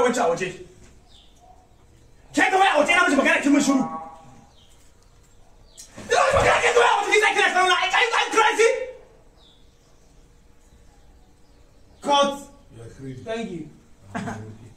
wai a waje magana magana a thank you